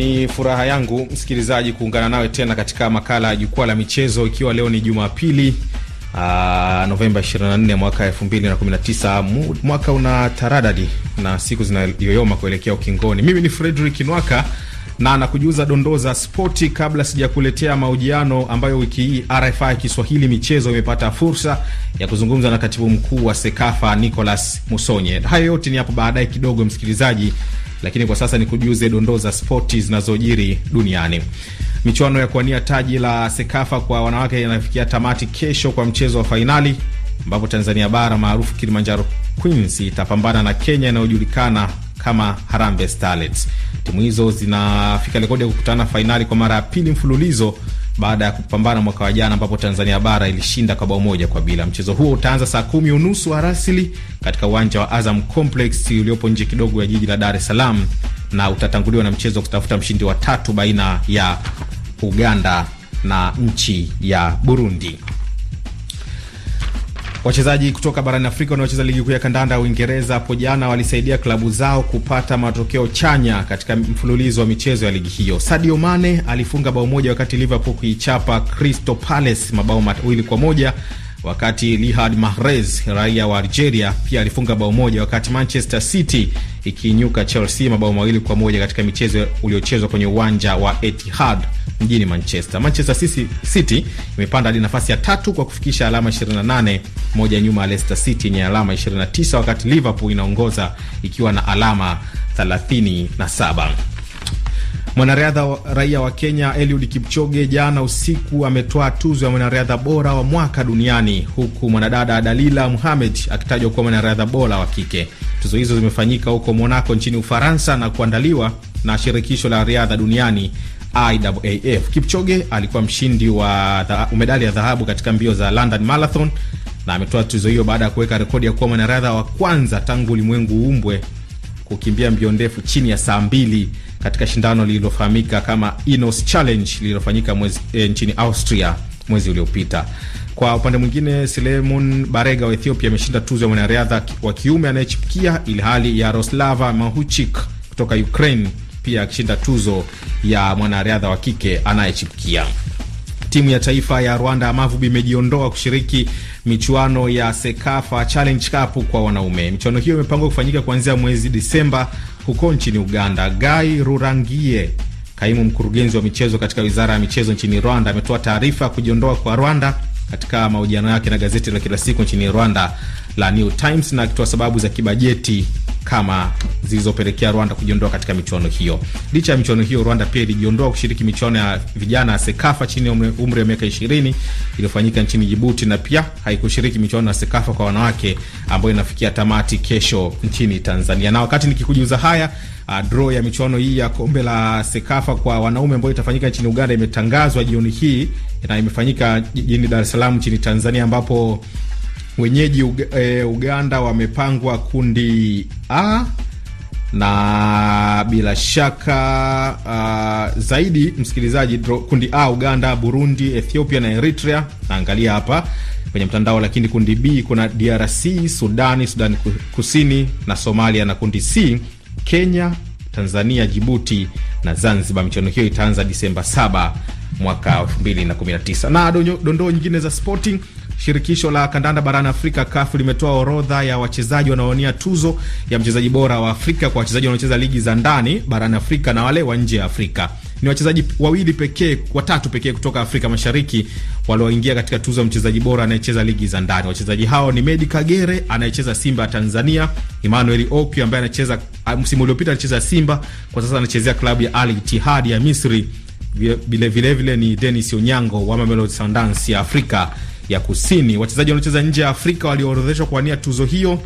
Ni furaha yangu msikilizaji kuungana nawe tena katika makala ya jukwaa la michezo, ikiwa leo ni Jumapili ah, Novemba 24 mwaka 219 Mwaka una taradadi na siku zinayoyoma kuelekea ukingoni. Mimi ni fredrik Nwaka na nakujuza dondoo za spoti kabla sijakuletea mahojiano ambayo wiki hii RFI Kiswahili michezo imepata fursa ya kuzungumza na katibu mkuu wa Sekafa Nicolas Musonye. Hayo yote ni hapo baadaye kidogo, msikilizaji, lakini kwa sasa nikujuze dondoo za spoti zinazojiri duniani. Michuano ya kuwania taji la Sekafa kwa wanawake inafikia tamati kesho kwa mchezo wa fainali ambapo Tanzania bara maarufu Kilimanjaro Queens itapambana na Kenya inayojulikana kama Harambe Starlets. Timu hizo zinafika rekodi ya kukutana fainali kwa mara ya pili mfululizo baada ya kupambana mwaka wa jana ambapo Tanzania bara ilishinda kwa bao moja kwa bila. Mchezo huo utaanza saa kumi unusu arasili katika uwanja wa Azam Complex uliopo nje kidogo ya jiji la Dar es Salaam na utatanguliwa na mchezo wa kutafuta mshindi wa tatu baina ya Uganda na nchi ya Burundi. Wachezaji kutoka barani Afrika wanaocheza ligi kuu ya kandanda ya Uingereza hapo jana walisaidia klabu zao kupata matokeo chanya katika mfululizo wa michezo ya ligi hiyo. Sadio Mane alifunga bao moja wakati Liverpool kuichapa Crystal Palace mabao mawili kwa moja wakati Lihad Mahrez raia wa Algeria pia alifunga bao moja, wakati Manchester City ikiinyuka Chelsea mabao mawili kwa moja katika michezo uliochezwa kwenye uwanja wa Etihad mjini Manchester. Manchester City imepanda hadi nafasi ya tatu kwa kufikisha alama 28, moja nyuma ya Leicester City yenye alama 29, wakati Liverpool inaongoza ikiwa na alama 37. Mwanariadha raia wa Kenya Eliud Kipchoge jana usiku ametoa tuzo ya mwanariadha bora wa mwaka duniani, huku mwanadada Dalila Muhamed akitajwa kuwa mwanariadha bora wa kike. Tuzo hizo zimefanyika huko Monaco nchini Ufaransa na kuandaliwa na shirikisho la riadha duniani IAAF. Kipchoge alikuwa mshindi wa medali ya dhahabu katika mbio za London Marathon na ametoa tuzo hiyo baada ya kuweka rekodi ya kuwa mwanariadha wa kwanza tangu ulimwengu uumbwe kukimbia mbio ndefu chini ya saa mbili katika shindano lililofahamika kama Ineos Challenge lililofanyika e, nchini Austria mwezi uliopita. Kwa upande mwingine, Selemun Barega wa Ethiopia ameshinda tuzo ya mwanariadha wa kiume anayechipukia, ya Roslava Mahuchik kutoka Ukraine pia akishinda tuzo ya mwanariadha wa kike anayechipukia. Timu ya taifa ya Rwanda ya Amavubi imejiondoa kushiriki michuano ya Sekafa Challenge Cup kwa wanaume. Michuano hiyo imepangwa kufanyika kuanzia mwezi Disemba huko nchini Uganda. gai Rurangie, kaimu mkurugenzi wa michezo katika wizara ya michezo nchini Rwanda, ametoa taarifa ya kujiondoa kwa Rwanda katika mahojiano yake na gazeti la kila siku nchini Rwanda la New Times, na akitoa sababu za kibajeti kama zilizopelekea Rwanda kujiondoa katika michuano hiyo. Licha ya michuano hiyo, Rwanda pia ilijiondoa kushiriki michuano ya vijana ya Sekafa chini ya umri wa miaka 20 iliyofanyika nchini Jibuti, na pia haikushiriki michuano ya Sekafa kwa wanawake ambayo inafikia tamati kesho nchini Tanzania. Na wakati nikikujuza haya Uh, draw ya michuano hii ya kombe la Sekafa kwa wanaume ambayo itafanyika nchini Uganda imetangazwa jioni hii na imefanyika jijini Dar es Salaam nchini Tanzania ambapo Wenyeji eh, Uganda wamepangwa kundi A na bila shaka uh, zaidi msikilizaji, kundi A Uganda, Burundi, Ethiopia na Eritrea. Naangalia hapa kwenye mtandao, lakini kundi B kuna DRC, Sudani, Sudani Kusini na Somalia, na kundi C Kenya, Tanzania, Jibuti na Zanzibar. Michuano hiyo itaanza Disemba 7 mwaka 2019. Na dondoo nyingine za sporting Shirikisho la kandanda barani Afrika CAF limetoa orodha ya wachezaji wanaowania tuzo ya mchezaji bora wa Afrika kwa wachezaji wanaocheza ligi za ndani barani Afrika na wale wa nje ya Afrika. Ni wachezaji wawili pekee, watatu pekee kutoka Afrika Mashariki walioingia katika tuzo ya mchezaji bora anayecheza ligi za ndani. Wachezaji hao ni Medi Kagere anayecheza Simba ya Tanzania, Emmanuel Okwi ambaye anacheza ah, msimu uliopita alicheza Simba, kwa sasa anachezea klabu ya Al Ittihad ya Misri. Vilevile vile, vile ni Denis Onyango wa Mamelodi Sundowns ya Afrika ya Kusini. Wachezaji wanaocheza nje ya Afrika walioorodheshwa kuwania tuzo hiyo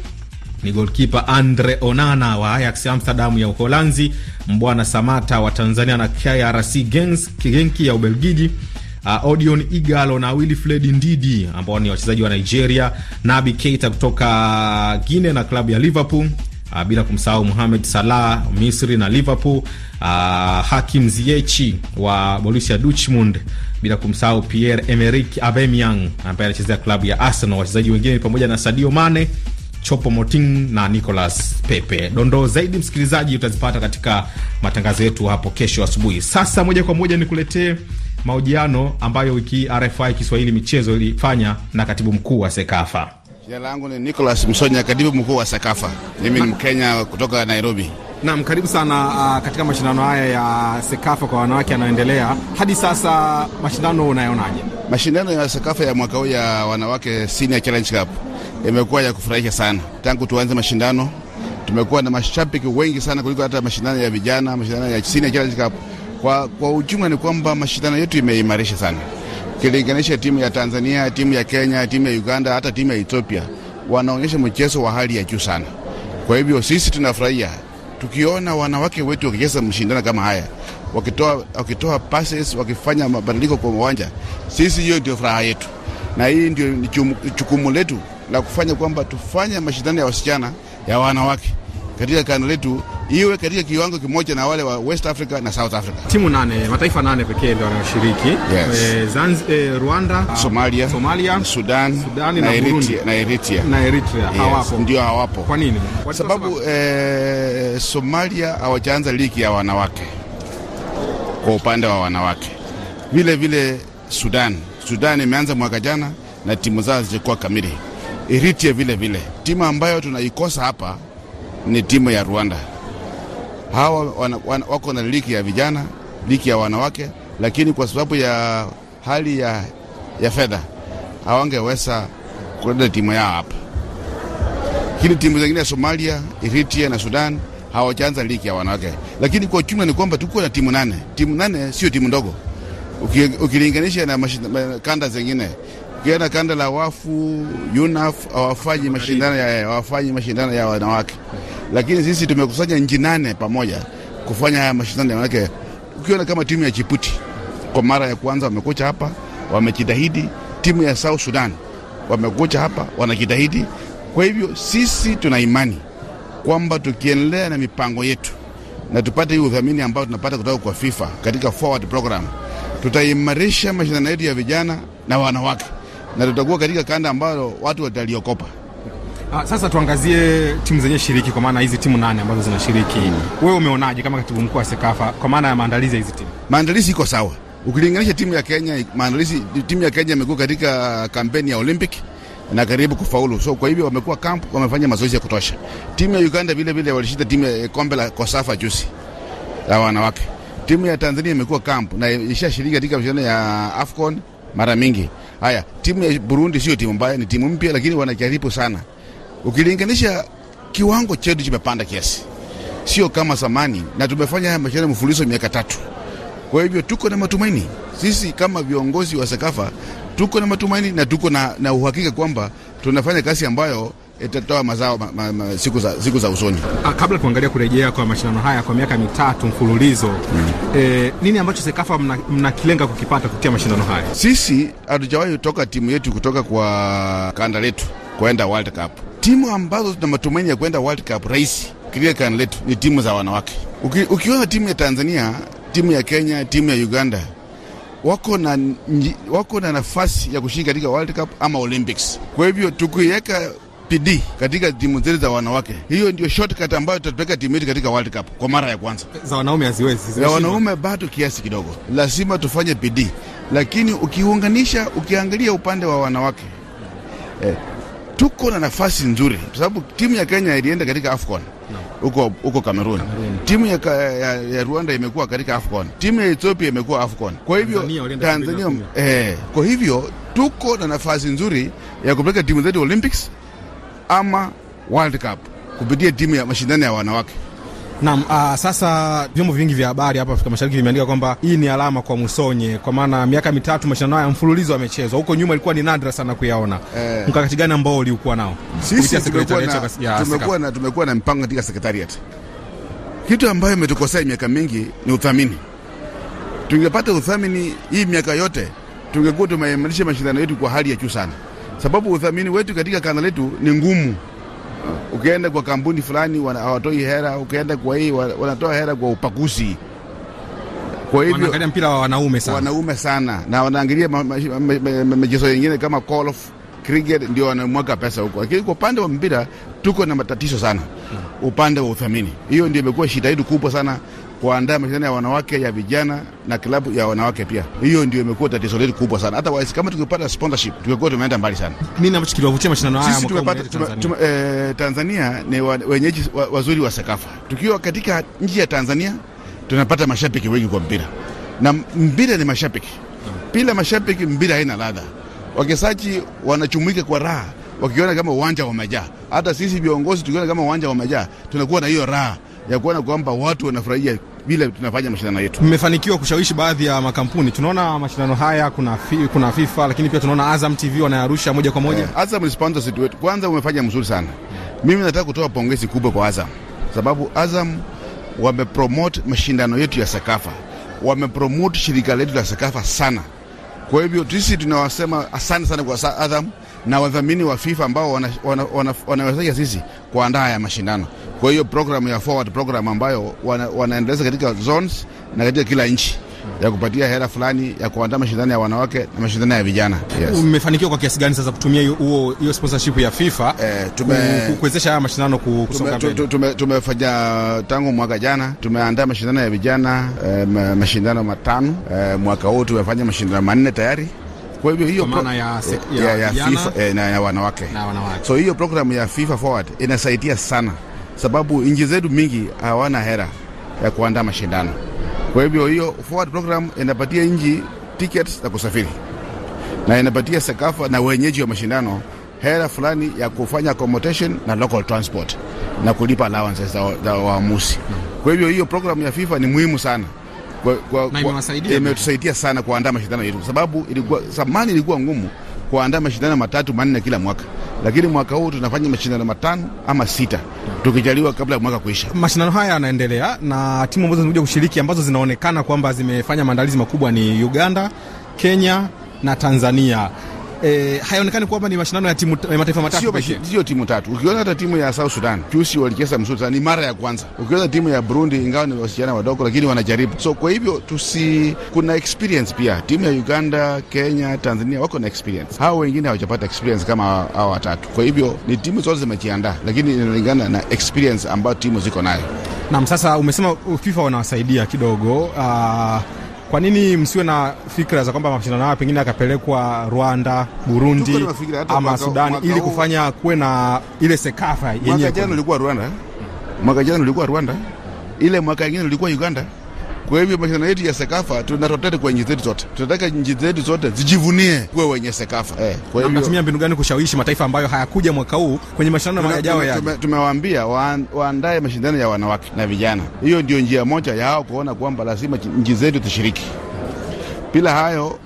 ni golkipa Andre Onana wa Ajax Amsterdam ya Uholanzi, Mbwana Samata wa Tanzania na KRC Genki ya Ubelgiji, uh, Odion Igalo na Wilfred Ndidi ambao ni wachezaji wa Nigeria, Nabi Keita kutoka Guine na klabu ya Liverpool, uh, bila kumsahau Mohamed Salah Misri na Liverpool, uh, Hakim Ziyech wa Borussia Dortmund bila kumsahau Pierre Emerick Aubameyang ambaye anachezea klabu ya Arsenal. Wachezaji wengine ni pamoja na Sadio Mane, Chopo Moting na Nicolas Pepe. Dondoo zaidi msikilizaji, utazipata katika matangazo yetu hapo kesho asubuhi. Sasa moja kwa moja nikuletee mahojiano ambayo wiki RFI Kiswahili michezo ilifanya na katibu mkuu wa Sekafa. Jina langu ni Nicolas Msonya, katibu mkuu wa Sekafa. Mimi ni Mkenya kutoka Nairobi. Naam, karibu sana uh, katika mashindano haya ya Sekafa kwa wanawake yanayoendelea hadi sasa, mashindano unayonaje? Mashindano ya Sekafa ya mwaka huu ya wanawake Senior Challenge Cup imekuwa ya kufurahisha sana. Tangu tuanze mashindano tumekuwa na mashabiki wengi sana kuliko hata mashindano ya vijana, mashindano ya Senior Challenge Cup. Kwa, kwa ujumla ni kwamba mashindano yetu imeimarisha sana kilinganisha timu ya Tanzania, timu ya Kenya, timu ya Uganda, hata timu ya Ethiopia wanaonyesha mchezo wa hali ya juu sana. Kwa hivyo sisi tunafurahia tukiona wanawake wetu wakicheza mshindano kama haya, wakitoa, wakitoa passes, wakifanya mabadiliko kwa uwanja, sisi hiyo ndio furaha yetu, na hii ndio jukumu letu la kufanya kwamba tufanye mashindano ya wasichana ya wanawake katika kando letu iwe katika kiwango kimoja na wale wa West Africa na South Africa. Timu nane, mataifa nane pekee ndio wanaoshiriki. Yes. E, e, Rwanda, Somalia, Somalia, Sudan, Sudan na Eritrea, na Eritrea. Na Eritrea yes, hawapo. Ndio hawapo. Kwa nini? Kwa sababu e, Somalia hawajaanza ligi ya wanawake. Kwa upande wa wanawake. Vile vile Sudan. Sudan imeanza mwaka jana na timu zao zilikuwa kamili. Eritrea vile vile. Timu ambayo tunaikosa hapa ni timu ya Rwanda hawa wana, wana, wako na liki ya vijana, liki ya wanawake, lakini kwa sababu ya hali ya, ya fedha hawangeweza kuleta timu yao hapa. Lakini timu zingine ya Somalia, Eritrea na Sudan hawajaanza liki ya wanawake, lakini kwa ujumla ni kwamba tuko na timu nane. Timu nane sio timu ndogo ukilinganisha na kanda zingine. Ukienda kanda la wafu yunaf hawafanyi mashindano ya, wafanyi mashindano ya wanawake lakini sisi tumekusanya nchi nane pamoja kufanya haya mashindano. ya Manake ukiona kama timu ya Jibuti kwa mara ya kwanza wamekuja hapa, wamejitahidi. Timu ya South Sudan wamekuja hapa, wanajitahidi. Kwa hivyo sisi tuna imani kwamba tukiendelea na mipango yetu na tupate hii udhamini ambao tunapata kutoka kwa FIFA katika forward program, tutaimarisha mashindano yetu ya vijana na wanawake, na tutakuwa katika kanda ambayo watu wataliokopa. Ah, sasa tuangazie timu zenye shiriki kwa maana hizi timu nane ambazo zinashiriki. Wewe umeonaje kama katibu mkuu wa Sekafa kwa maana ya maandalizi ya hizi timu? Maandalizi iko sawa. Ukilinganisha timu ya Kenya, maandalizi timu ya Kenya imekuwa katika kampeni ya Olympic na karibu kufaulu. So kwa hivyo wamekuwa camp, wamefanya mazoezi ya kutosha. Timu ya Uganda vile vile walishinda timu ya kombe la Kosafa juzi la wanawake. Timu ya Tanzania imekuwa camp na ishashiriki katika mashindano ya Afcon mara mingi. Haya, timu ya Burundi sio timu mbaya, ni timu mpya, lakini wanajaribu sana. Ukilinganisha kiwango chetu kimepanda kiasi, sio kama zamani, na tumefanya haya mashindano mfululizo miaka tatu. Kwa hivyo tuko na matumaini sisi kama viongozi wa Sekafa, tuko na matumaini na tuko na, na uhakika kwamba tunafanya kazi ambayo itatoa mazao ma, ma, ma, siku, za, siku za usoni. A, ah, kabla tuangalia kurejea kwa mashindano haya kwa miaka mitatu mfululizo mm. E, nini ambacho Sekafa mnakilenga mna kukipata kupitia mashindano haya? Sisi hatujawahi kutoka timu yetu kutoka kwa kanda letu kwenda World Cup timu ambazo zina matumaini ya kwenda World Cup rahisi katika letu ni timu za wanawake. Uki, ukiona timu ya Tanzania, timu ya Kenya, timu ya Uganda wako na, wako na nafasi ya kushiriki katika World Cup ama Olympics. Kwa hivyo tukiweka PD katika timu zetu za wanawake, hiyo ndio shortcut ambayo tutapeka timu yetu katika World Cup kwa mara ya kwanza. Za wanaume haziwezi, za wanaume bado kiasi kidogo, lazima tufanye PD, lakini ukiunganisha, ukiangalia upande wa wanawake eh, tuko na nafasi nzuri, kwa sababu timu ya Kenya ilienda katika AFCON huko huko Cameroon. Timu ya, ya, ya Rwanda imekuwa katika AFCON, timu ya Ethiopia imekuwa AFCON. Kwa hivyo Tanzania, Tanzania eh, kwa hivyo tuko na nafasi nzuri ya kupeleka timu zetu Olympics ama World Cup kupitia timu ya mashindano ya wanawake. Naam, uh, sasa vyombo vingi vya habari hapa Afrika Mashariki vimeandika kwamba hii ni alama kwa Musonye, kwa maana miaka mitatu mashindano haya mfululizo amechezwa. Huko nyuma ilikuwa ni nadra sana kuyaona eh. Mkakati gani ambao ulikuwa nao? Sisi tumekuwa na, tumekuwa na, tumekuwa na mpango katika sekretariat. Kitu ambayo imetukosea miaka mingi ni uthamini. Tungepata uthamini hii miaka yote, tungekuwa tumeimarisha mashindano yetu kwa hali ya juu sana, sababu uthamini wetu katika kanda letu ni ngumu. Ukienda kwa kampuni fulani hawatoi hera, ukienda kwa hii wanatoa hera kwa upakuzi. Kwa hivyo wanaangalia mpira wa wanaume sana, wanaume sana, na wanaangalia michezo yingine kama golf, cricket, ndio wanamwaga pesa huko. Lakini kwa upande wa mpira tuko na matatizo sana, hmm. upande wa uthamini. Hiyo ndio imekuwa shida yetu kubwa sana kuandaa mashindano ya wanawake ya vijana na klabu ya wanawake pia. Hiyo ndio imekuwa tatizo letu kubwa sana. Hata waisi kama tukipata sponsorship tukikuwa tumeenda mbali sana. Mimi na mshikilio kuvutia mashindano haya sisi tumepata Tanzania. Tume, eh, Tanzania ni wa, wenyeji wa, wazuri wa Sekafa. Tukiwa katika nchi ya Tanzania tunapata mashabiki wengi kwa mpira, na mpira ni mashabiki. Bila mashabiki mpira haina ladha. Wachezaji wanachumuika kwa raha wakiona kama uwanja umejaa. Hata sisi viongozi tukiona kama uwanja umejaa, tunakuwa na hiyo raha ya kuona kwamba watu wanafurahia bila tunafanya mashindano yetu. Mmefanikiwa kushawishi baadhi ya makampuni, tunaona mashindano haya kuna, fi, kuna FIFA lakini pia tunaona Azam TV wanayarusha moja kwa moja. Eh, Azam ni sponsor wetu. Kwanza umefanya mzuri sana. Mimi nataka kutoa pongezi kubwa kwa Azam sababu Azam wamepromote mashindano yetu ya Sakafa, wamepromote shirika letu la Sakafa sana. Kwa hivyo sisi tunawasema asante sana kwa Azam na wadhamini wa FIFA ambao wanawezesha wana, wana, wana sisi kuandaa haya mashindano. Kwa hiyo programu ya forward program ambayo wana, wanaendeleza katika zones na katika kila nchi ya kupatia hela fulani ya kuandaa mashindano ya wanawake na mashindano ya vijana. Yes. Umefanikiwa kwa kiasi gani sasa kutumia huo hiyo sponsorship ya FIFA eh, tume, kuwezesha haya mashindano kusonga mbele? Tume, tume, tumefanya tangu mwaka jana tumeandaa mashindano ya vijana eh, mashindano matano eh, mwaka huu tumefanya mashindano manne tayari. Kwa hivyo hiyo maana ya, ya, ya, ya FIFA eh, na ya wanawake. Na wanawake. So hiyo programu ya FIFA Forward inasaidia sana sababu nchi zetu mingi hawana hera ya kuandaa mashindano. Kwa hivyo hiyo forward program inapatia nchi tickets za kusafiri na inapatia SEKAFA na wenyeji wa mashindano hera fulani ya kufanya accommodation na local transport na kulipa allowances za waamuzi. Kwa hivyo hiyo program ya FIFA ni muhimu sana kwa, kwa, kwa, imetusaidia sana kuandaa mashindano yetu, sababu ilikuwa zamani ilikuwa ngumu kuandaa mashindano matatu manne kila mwaka, lakini mwaka huu tunafanya mashindano matano ama sita tukijaliwa, kabla ya mwaka kuisha. Mashindano haya yanaendelea na timu ambazo zimekuja kushiriki ambazo zinaonekana kwamba zimefanya maandalizi makubwa ni Uganda, Kenya na Tanzania eh, hayaonekani kwamba ni mashindano ya timu ya mataifa matatu pekee, sio timu tatu. Ukiona hata timu ya South Sudan juzi walicheza msuri sana, ni mara ya kwanza. Ukiona timu ya Burundi, ingawa ni wasichana wadogo, lakini wanajaribu. So kwa hivyo tusi, kuna experience pia. Timu ya Uganda, Kenya, Tanzania wako na experience, hao wengine hawajapata experience kama hao watatu. Kwa hivyo ni timu zote zimejiandaa, lakini inalingana na experience ambayo timu ziko nayo. Naam, sasa umesema FIFA wanawasaidia kidogo uh, kwa nini msiwe na fikra za kwamba mashindano haya pengine akapelekwa Rwanda, Burundi ama Sudani ili kufanya kuwe na ile sekafa yenyewe? Mwaka jana ulikuwa Rwanda, eh? mwaka jana ulikuwa Rwanda, ile mwaka ingine ulikuwa Uganda. Kwa hivyo mashindano yetu ya Sekafa tunatotete kwa nchi zetu zote, tunataka nchi zetu zote zijivunie kuwe wenye Sekafa eh. Kwa hivyo tunatumia mbinu gani kushawishi mataifa ambayo hayakuja mwaka huu kwenye mashindano yajayo ya tumewaambia waandae mashindano ya wanawake na vijana. Hiyo ndio njia moja yao kuona kwamba lazima nchi zetu tushiriki. Bila hayo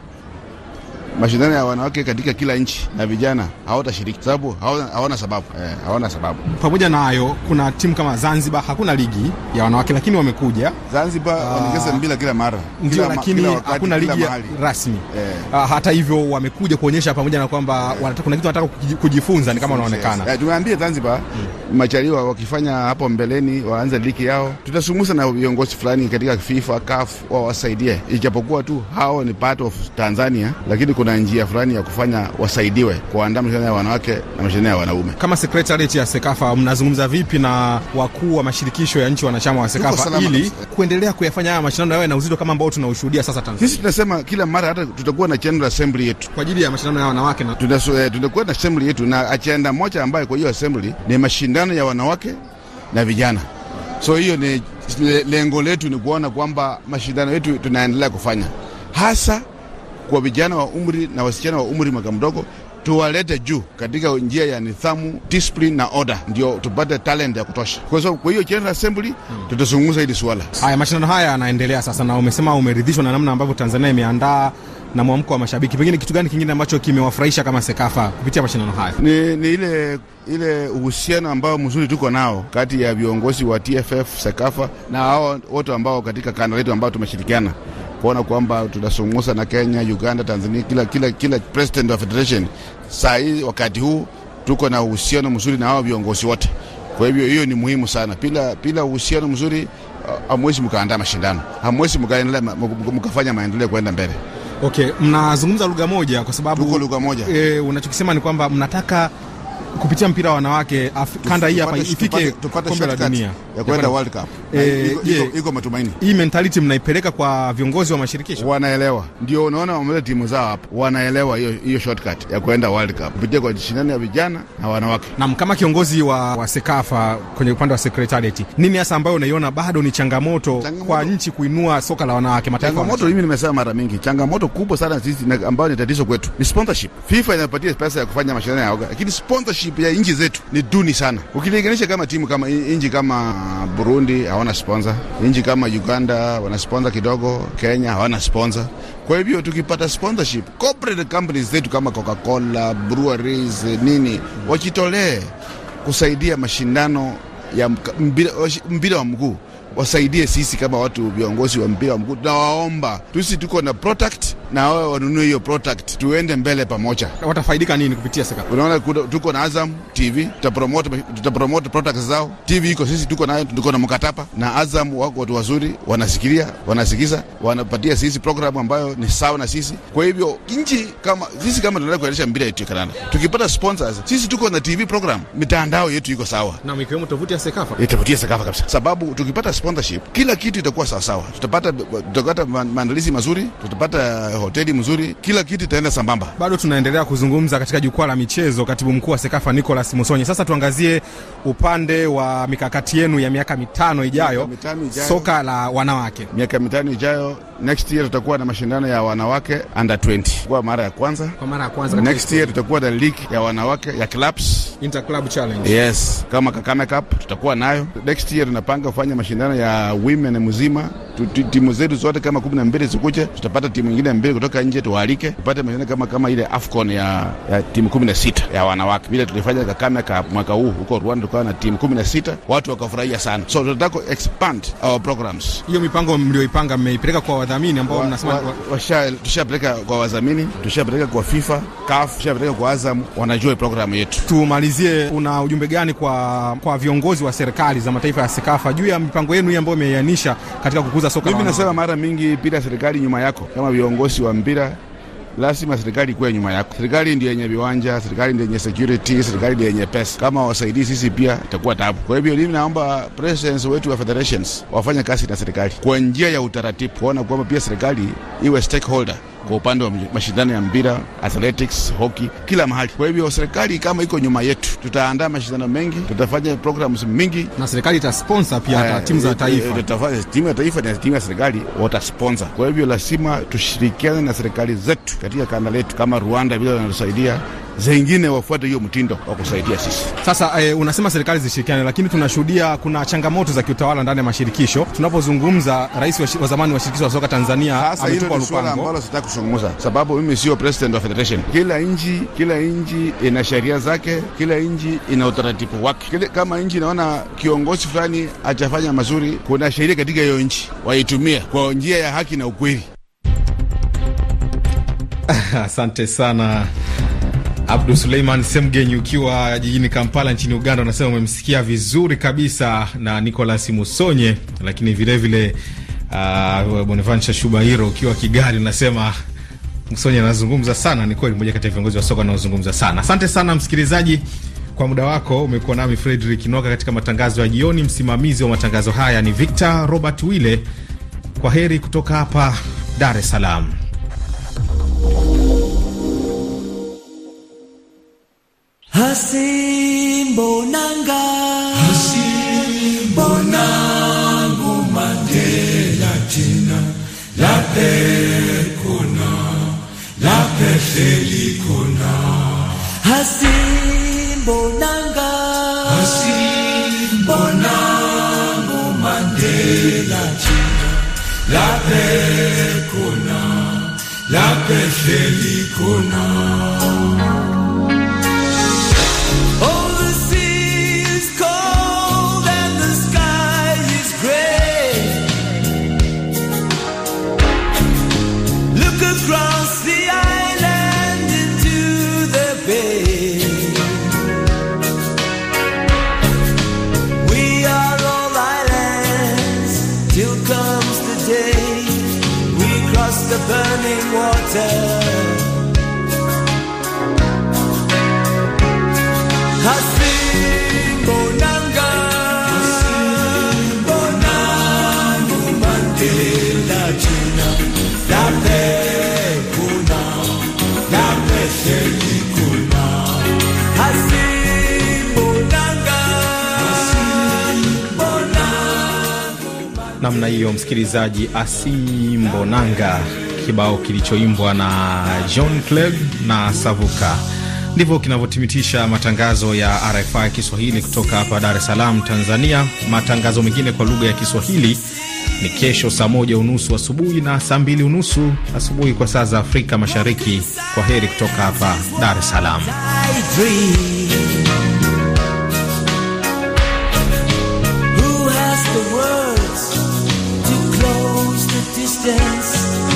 mashindano ya wanawake katika kila nchi na vijana hawatashiriki sababu hawana sababu eh, hawana sababu. Pamoja na hayo, kuna timu kama Zanzibar, hakuna ligi ya wanawake lakini wamekuja Zanzibar, ah, wanaongeza mpira kila mara ndio, lakini hakuna ligi rasmi eh. Uh, hata hivyo wamekuja kuonyesha pamoja na kwamba eh, kuna kitu wanataka kujifunza, ni kama wanaonekana eh, tumeambia Zanzibar hmm, machariwa wakifanya hapo mbeleni waanze ligi yao, tutasungusa na viongozi fulani katika FIFA CAF wawasaidie, ijapokuwa tu hao ni part of Tanzania, lakini kuna kuna njia fulani ya kufanya wasaidiwe kuandaa mashindano ya wanawake na mashindano ya wanaume. Kama sekretarieti ya SEKAFA, mnazungumza vipi na wakuu wa mashirikisho ya nchi wanachama wa SEKAFA ili kuendelea kuyafanya haya mashindano yawe na uzito kama ambao tunaushuhudia sasa Tanzania? Sisi tunasema kila mara, hata tutakuwa na general assembly yetu kwa ajili ya mashindano ya wanawake na eh, tutakuwa na assembly yetu, na ajenda moja ambayo kwa hiyo assembly ni mashindano ya wanawake na vijana. So hiyo ni lengo letu, ni kuona kwamba mashindano yetu tunaendelea kufanya hasa kwa vijana wa umri na wasichana wa umri mwaka mdogo tuwalete juu katika njia ya nidhamu, discipline na order, ndio tupate talent ya kutosha. Kwa sababu kwa hiyo General Assembly hmm, tutazungumza hili swala. Haya mashindano haya yanaendelea sasa, na umesema umeridhishwa na namna ambavyo Tanzania imeandaa na mwamko wa mashabiki. Pengine kitu gani kingine ambacho kimewafurahisha kama Sekafa kupitia mashindano haya? Ni, ni ile ile uhusiano ambao mzuri tuko nao kati ya viongozi wa TFF Sekafa na hao wote ambao katika kanda letu ambao tumeshirikiana kuona kwamba tunasungusa na Kenya, Uganda, Tanzania, kila, kila, kila president wa federation saa hii wakati huu tuko na uhusiano mzuri na hao viongozi wote. Kwa hivyo hiyo ni muhimu sana. Bila bila uhusiano mzuri uh, hamwezi mkaandaa mashindano, hamwezi mkaendelea mkafanya maendeleo kwenda mbele. Okay, mnazungumza lugha moja kwa sababu tuko lugha moja. E, unachokisema ni kwamba mnataka kupitia mpira wa wanawake kanda hii hapa ifike kombe la dunia ya kwenda World Cup. Eh, iko matumaini. Hii mentality mnaipeleka kwa viongozi wa mashirikisho, wanaelewa. Ndio unaona wameleta timu zao hapa, wanaelewa hiyo hiyo shortcut ya kwenda World Cup kupitia kwa shindano ya vijana na wanawake. Na kama kiongozi wa, wa Sekafa kwenye upande wa secretariat, nini hasa ambayo unaiona bado ni changamoto, changamoto kwa nchi kuinua soka la wanawake mataifa? Changamoto mimi nimesema mara mingi, changamoto kubwa sana sisi ambayo ni tatizo kwetu ni sponsorship. FIFA inapatia pesa ya kufanya mashindano ya oga, lakini sponsorship sponsorship ya nchi zetu ni duni sana, ukilinganisha kama timu kama nchi kama Burundi hawana sponsor, nchi kama Uganda wana sponsor kidogo, Kenya hawana sponsor. Kwa hivyo tukipata sponsorship, corporate companies zetu kama Coca-Cola, breweries nini wajitolee kusaidia mashindano ya mpira wa mguu wasaidie sisi kama watu viongozi wa mpira wa mguu, tunawaomba tusi, tuko na product na wao wanunue hiyo product, tuende mbele pamoja. Watafaidika nini kupitia seka? Unaona, tuko na Azam TV, tutapromote tutapromote products zao. TV iko sisi, tuko nayo, tuko na mkataba na Azam. Wako watu wazuri, wanasikilia, wanasikiza, wanapatia sisi program ambayo ni sawa na sisi. Kwa hivyo nchi kama sisi, kama tunataka kuendesha mpira yetu kanana, tukipata sponsors sisi, tuko na TV program, mitandao yetu iko sawa, na mikiwemo tovuti ya Sekafa, tovuti ya Sekafa kabisa, sababu tukipata sponsors, sponsorship, kila kitu itakuwa sawasawa. Tutapata tutapata maandalizi mazuri, tutapata hoteli mzuri, kila kitu itaenda sambamba. Bado tunaendelea kuzungumza katika jukwaa la michezo, katibu mkuu wa Sekafa Nicolas Musonye. Sasa tuangazie upande wa mikakati yenu ya miaka mitano ijayo, miaka mitano ijayo, soka la wanawake miaka mitano ijayo. Next year tutakuwa na mashindano ya wanawake under 20 kwa mara ya kwanza, kwa mara ya kwanza. Next year tutakuwa na league ya wanawake ya clubs Inter Club Challenge. Yes, kama Kakana Cup tutakuwa nayo. Next year tunapanga kufanya mashindano ya women mzima. Timu zetu zote kama 12 zikuje, tutapata timu nyingine mbili kutoka nje tuwalike. Tupate mashindano kama kama ile AFCON ya, ya timu 16 ya wanawake. Vile tulifanya Kakana Cup mwaka huu huko Rwanda tukawa na timu 16, watu wakafurahia sana. So tunataka expand our programs. Hiyo mipango mlioipanga mmeipeleka kwa wadhamini ambao mnasema washa tushapeleka kwa wadhamini, tushapeleka kwa FIFA, CAF, tushapeleka kwa Azam, wanajua programu yetu. Tumalize tumalizie, una ujumbe gani kwa, kwa viongozi wa serikali za mataifa ya SEKAFA juu ya mipango yenu hii ambayo imeianisha katika kukuza soka? Mimi nasema mara mingi pita serikali nyuma yako. Kama viongozi wa mpira lazima serikali ikuwe nyuma yako. Serikali ndio yenye viwanja, serikali ndio yenye security, serikali ndio yenye pesa. Kama wasaidii sisi pia itakuwa tabu. Kwa hivyo mimi naomba presidents wetu wa federations wafanye kazi na serikali kwa njia ya utaratibu, kuona kwamba pia serikali iwe stakeholder kwa upande wa mashindano ya mpira, athletics, hockey, kila mahali. Kwa hivyo serikali kama iko nyuma yetu, tutaandaa mashindano mengi, tutafanya programs mingi, na serikali itasponsor pia hata eh, timu za eh, taifa. Eh, tutafanya timu ya taifa na timu ya serikali watasponsor. Kwa hivyo lazima tushirikiane na serikali zetu katika kanda letu, kama Rwanda vile wanatusaidia zengine wafuate hiyo mtindo wa kusaidia sisi. Sasa eh, unasema serikali zishirikiane, lakini tunashuhudia kuna changamoto za kiutawala ndani ya mashirikisho. Tunapozungumza, rais wa, wa zamani wa shirikisho la soka Tanzania ametupa lupango ambalo sitaki kuzungumza, sababu mimi sio president wa federation. Kila nchi kila nchi ina sheria zake, kila nchi ina utaratibu wake. Kile, kama nchi inaona kiongozi fulani ajafanya mazuri, kuna sheria katika hiyo nchi, waitumia kwa njia ya haki na ukweli. Asante sana Abdu Suleiman Semgenyi, ukiwa jijini Kampala nchini Uganda, unasema umemsikia vizuri kabisa na Nicolas Musonye, lakini vilevile uh, Bonaventure Shubahiro ukiwa Kigali unasema Musonye anazungumza sana. Ni kweli, mmoja kati ya viongozi wa soka anaozungumza sana. Asante sana msikilizaji kwa muda wako. Umekuwa nami Fredrik Noka katika matangazo ya jioni. Msimamizi wa matangazo haya ni Victor Robert Wille. Kwa heri kutoka hapa Dar es Salaam. hasimbonanga hasimbonangu mandela thina lapekhona lapehleli khona hasimbonanga hasimbonangu mandela thina lapekhona lapehleli khona namna hiyo, msikilizaji, asimbonanga kibao kilichoimbwa na John Cleb na Savuka. Ndivyo kinavyotimitisha matangazo ya RFI Kiswahili kutoka hapa Dar es Salaam, Tanzania. Matangazo mengine kwa lugha ya Kiswahili ni kesho saa moja unusu asubuhi na saa mbili unusu asubuhi kwa saa za Afrika Mashariki. Kwa heri kutoka hapa Dar es Salaam.